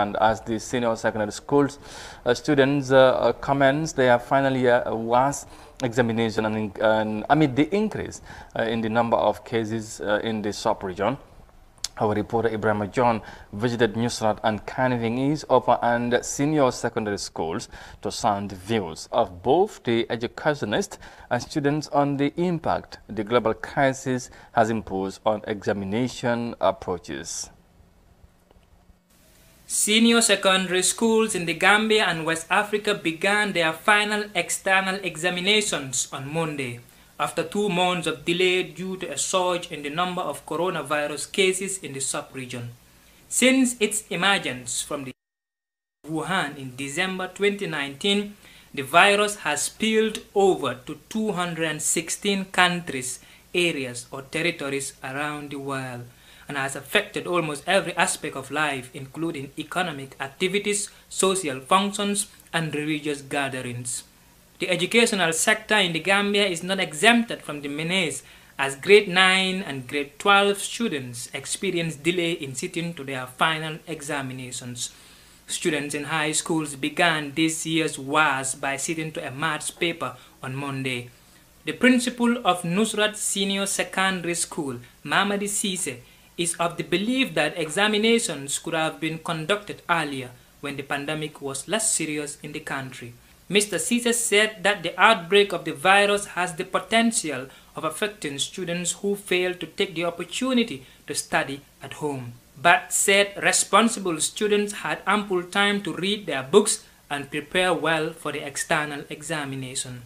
And as the senior secondary schools uh, students uh, uh commence their final year uh, was examination and, and amid the increase uh, in the number of cases uh, in the sub-region, our reporter Ibrahim John visited Newsrat and Canning East Upper and Senior Secondary Schools to sound views of both the educationists and students on the impact the global crisis has imposed on examination approaches. Senior secondary schools in the Gambia and West Africa began their final external examinations on Monday after two months of delay due to a surge in the number of coronavirus cases in the sub-region. Since its emergence from the Wuhan in December 2019, the virus has spilled over to 216 countries, areas or territories around the world and has affected almost every aspect of life, including economic activities, social functions, and religious gatherings. The educational sector in the Gambia is not exempted from the menace as grade 9 and grade 12 students experience delay in sitting to their final examinations. Students in high schools began this year's wars by sitting to a maths paper on Monday. The principal of Nusrat Senior Secondary School, Mamadi Sise, is of the belief that examinations could have been conducted earlier when the pandemic was less serious in the country. Mr. Caesar said that the outbreak of the virus has the potential of affecting students who fail to take the opportunity to study at home, but said responsible students had ample time to read their books and prepare well for the external examination.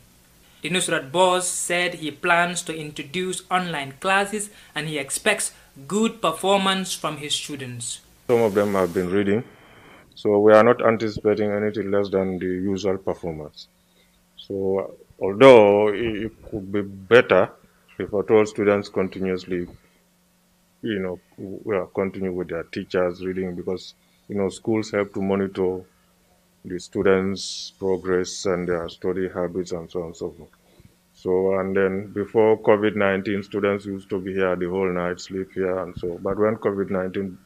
The Nusrat boss said he plans to introduce online classes and he expects good performance from his students. Some of them have been reading, so we are not anticipating anything less than the usual performance. So, although it could be better if at all students continuously, you know, continue with their teachers reading because, you know, schools have to monitor the students' progress and their study habits and so on and so forth. So, and then before COVID 19, students used to be here the whole night, sleep here, and so. But when COVID 19,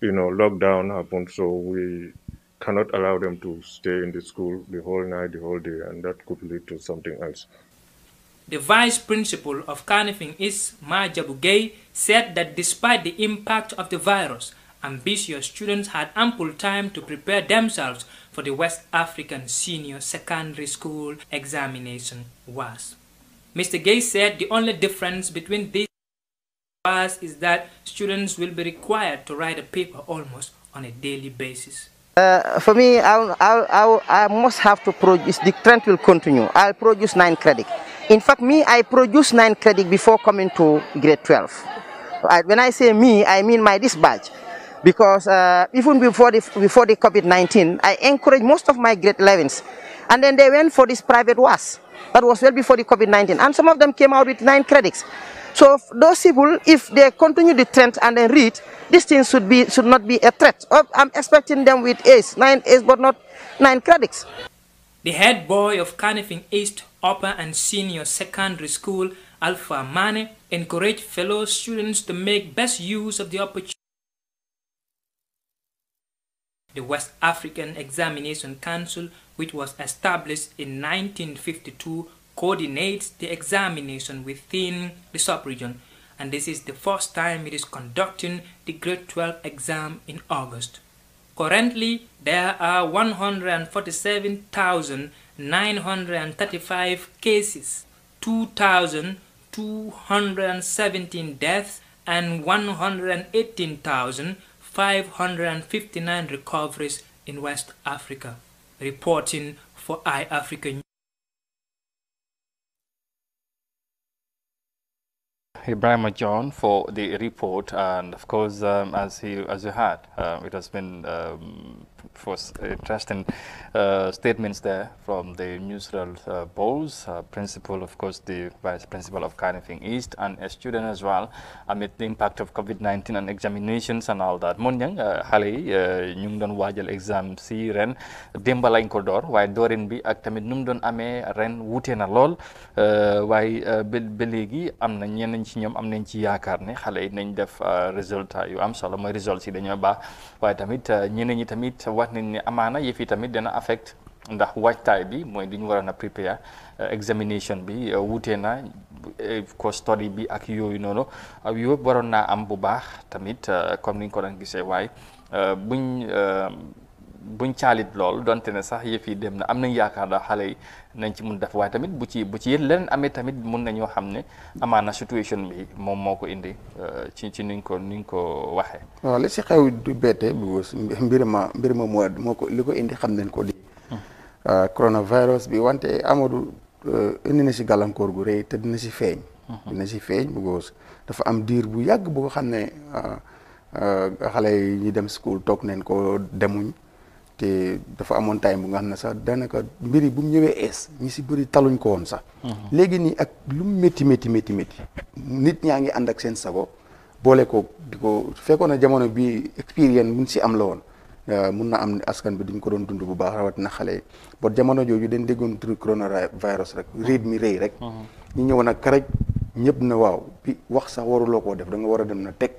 you know, lockdown happened, so we cannot allow them to stay in the school the whole night, the whole day, and that could lead to something else. The vice principal of Carnifing is Majabugay said that despite the impact of the virus, ambitious students had ample time to prepare themselves for the West African Senior Secondary School examination was. Mr. Gay said the only difference between these was is that students will be required to write a paper almost on a daily basis. Uh, for me, I'll, I'll, I'll, i must have to produce, the trend will continue. I'll produce nine credit. In fact, me, I produce nine credit before coming to grade 12. I, uh, when I say me, I mean my dispatch because uh, even before the, before the COVID-19, I encouraged most of my grade 11s. And then they went for this private was That was well before the COVID-19. And some of them came out with nine credits. So those people, if they continue the trend and then read, this thing should, be, should not be a threat. Oh, I'm expecting them with A's, nine A's, but not nine credits. The head boy of Canifing East Upper and Senior Secondary School, Alpha Mane, encouraged fellow students to make best use of the opportunity the West African Examination Council, which was established in 1952, coordinates the examination within the sub-region, and this is the first time it is conducting the Grade 12 exam in August. Currently, there are 147,935 cases, 2,217 deaths, and 118,000 559 recoveries in West Africa. Reporting for iAfrica Ibrahim John for the report, and of course, um, as he as you had, uh, it has been um, for interesting uh, statements there from the Newsreel uh, Bowles, uh, principal, of course, the vice principal of Carnifing East, and a student as well, amid the impact of COVID-19 and examinations and all that. Monyang, hali uh, xale yi uh, ñu exam si ren démb lañ ko door bi ak tamit nu mu doon ren wuute na lool bil beligi amna am ñoom am nañ ci yaakaar ne xale yi nañ def euh, résultat yu am solo mooy résultat yi dañoo baax waaye tamit euh, ñeneen ñi tamit wax nañ ne amaana yëf yi tamit dana affect ndax waajtaay bi mooy li ñu waroon a prepare euh, examination bi wutee na ko story bi ak yooyu noonu yooyu waroon naa am bu baax tamit comme ni ñu ko doon gisee waaye buñ. buñ caalit lool donte ne sax yëf yi dem na am nañ yaakaar daal xale yi nañ ci mun def waaye tamit bu ci bu ci yéen leneen amee tamit mun nañoo xam ne amaana situation bi moom moo ko indi euh, ci ci niñ ko niñ ko waxee. waaw li si xew du bette bu mbir ma mbir ma moo ko li ko indi xam nañ ko di. Hmm. Euh, coronavirus bi wante Amadou euh, indi na si gàllankoor gu rëy te dina si feeñ. Hmm. dina si feeñ bu dafa am diir bu yàgg bu xam ne xale yi ñu dem school toog nañ ko demuñ. té dafa amoon time bu nga xamna ne sax daanaka mbir bu ñëwé ñëwee ñi ci bëri taluñ ko won sax. Mhm. légui ni ak lu metti metti metti metti nit ñaa and ak seen sago bolé ko di ko na jamono bi experience mun si am la won euh, mun na am askan bi duñ ko doon dund bu baax rawat na xalé bo jamono joju dañ déggoon turu coronavirus rek réed mi rëy rek. Mhm. ñi ñëw ak karaj ñëpp na waaw bi wax sax waru loko def da nga wara dem na tek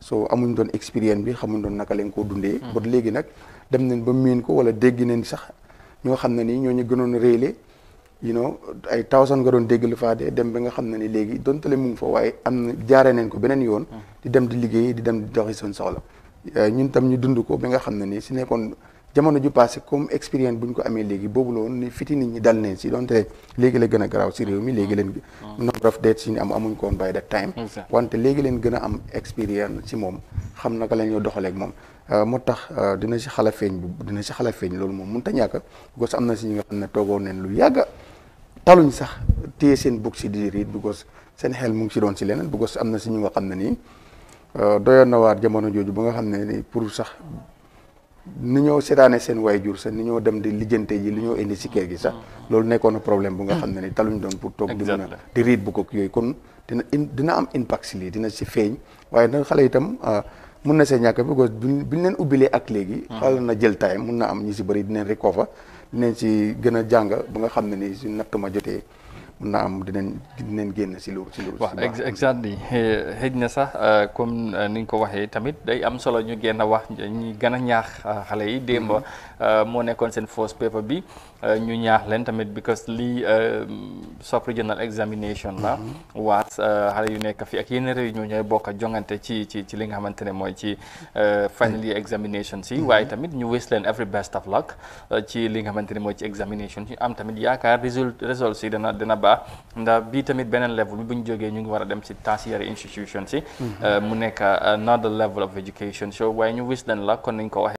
so amuñ doon expérience bi xamuñ doon naka lañ koo dundee. Hmm. ba léegi nag dem nañ ba miin ko wala dégg nañ sax ñoo xam ne nii ñoo ñu gënoon réelé you ay tawsan nga doon dégg lu faa de dem ba nga xam ne ni léegi donte le mu ngi fa waaye am na jaaree nañ ko beneen yoon. Hmm. di dem di liggéey di dem di doxi soon soxla eh, ñun tam ñu dund ko ba nga xam ne ni si nekkoon. jamono ju passé comme expérience bu ñu ko amee léegi boobu la woon ni fiti nit ñi dal neen si donte léegi la gën a garaaw si réew mi léegi leen mm. number of deaths si ñu am wante léegi leen gën a am expérience si moom xam naka la ñoo doxaleeg moom euh, moo tax euh, dina si xala feeñ bu dina si feeñ loolu moom mënta ñàkk because am na si ñi nga xam ne toogoon neen lu yàgga taluñ sax téye seen book si di riit seen xel mu ngi si doon si leneen because am na si ñu xam ne nii euh, doyoon na waar jamono jooju ba nga xam ne ni pour sax ni ñoo seetaane seen jur sax ni ñoo dem di lijjante ji li ñoo indi si kër gi sax loolu nekkoon na problème bu nga xam ne ni taluñ doon pour toog di mën a di riit bu ko yooyu kon dina in dina am impact lii dina si feeñ waaye nag xale itam ah, mun na see ñàkk because biñ leen ubbilee ak léegi hmm. xala na jël time mun na am ñi si bëri dinañ recover dinañ si gën a jàng ba nga xam ne ni si natt ma jotee mun naa am dinañ dinañ génn si lu si lu. waaw exactly xëj na sax euh, comme euh, ni nga ko waxee tamit day am solo ñu génn wax ñi gën a ñaax euh, xale yi. démb mm-hmm. moo nekkoon seen first paper bi ñu ñaax leen tamit because lii sub regional examination la. Mm-hmm. waat xale yu nekk fi ak yeneen réew ñoo ñooy bokk a jongante ci ci ci li nga xamante ne mooy ci final year examination si. Mm-hmm. waaye tamit ñu wish leen every best of luck ci li nga xamante ne mooy ci examination ñu am tamit yaakaar result result si dana dana baax. allah ndax bii tamit beneen level bi bu ñu jógee ñu ngi war a dem ci tertiary institution si mm-hmm. euh, mu nekk euh, another level of education so waaye ñu wis leen la kon nañ ko waxee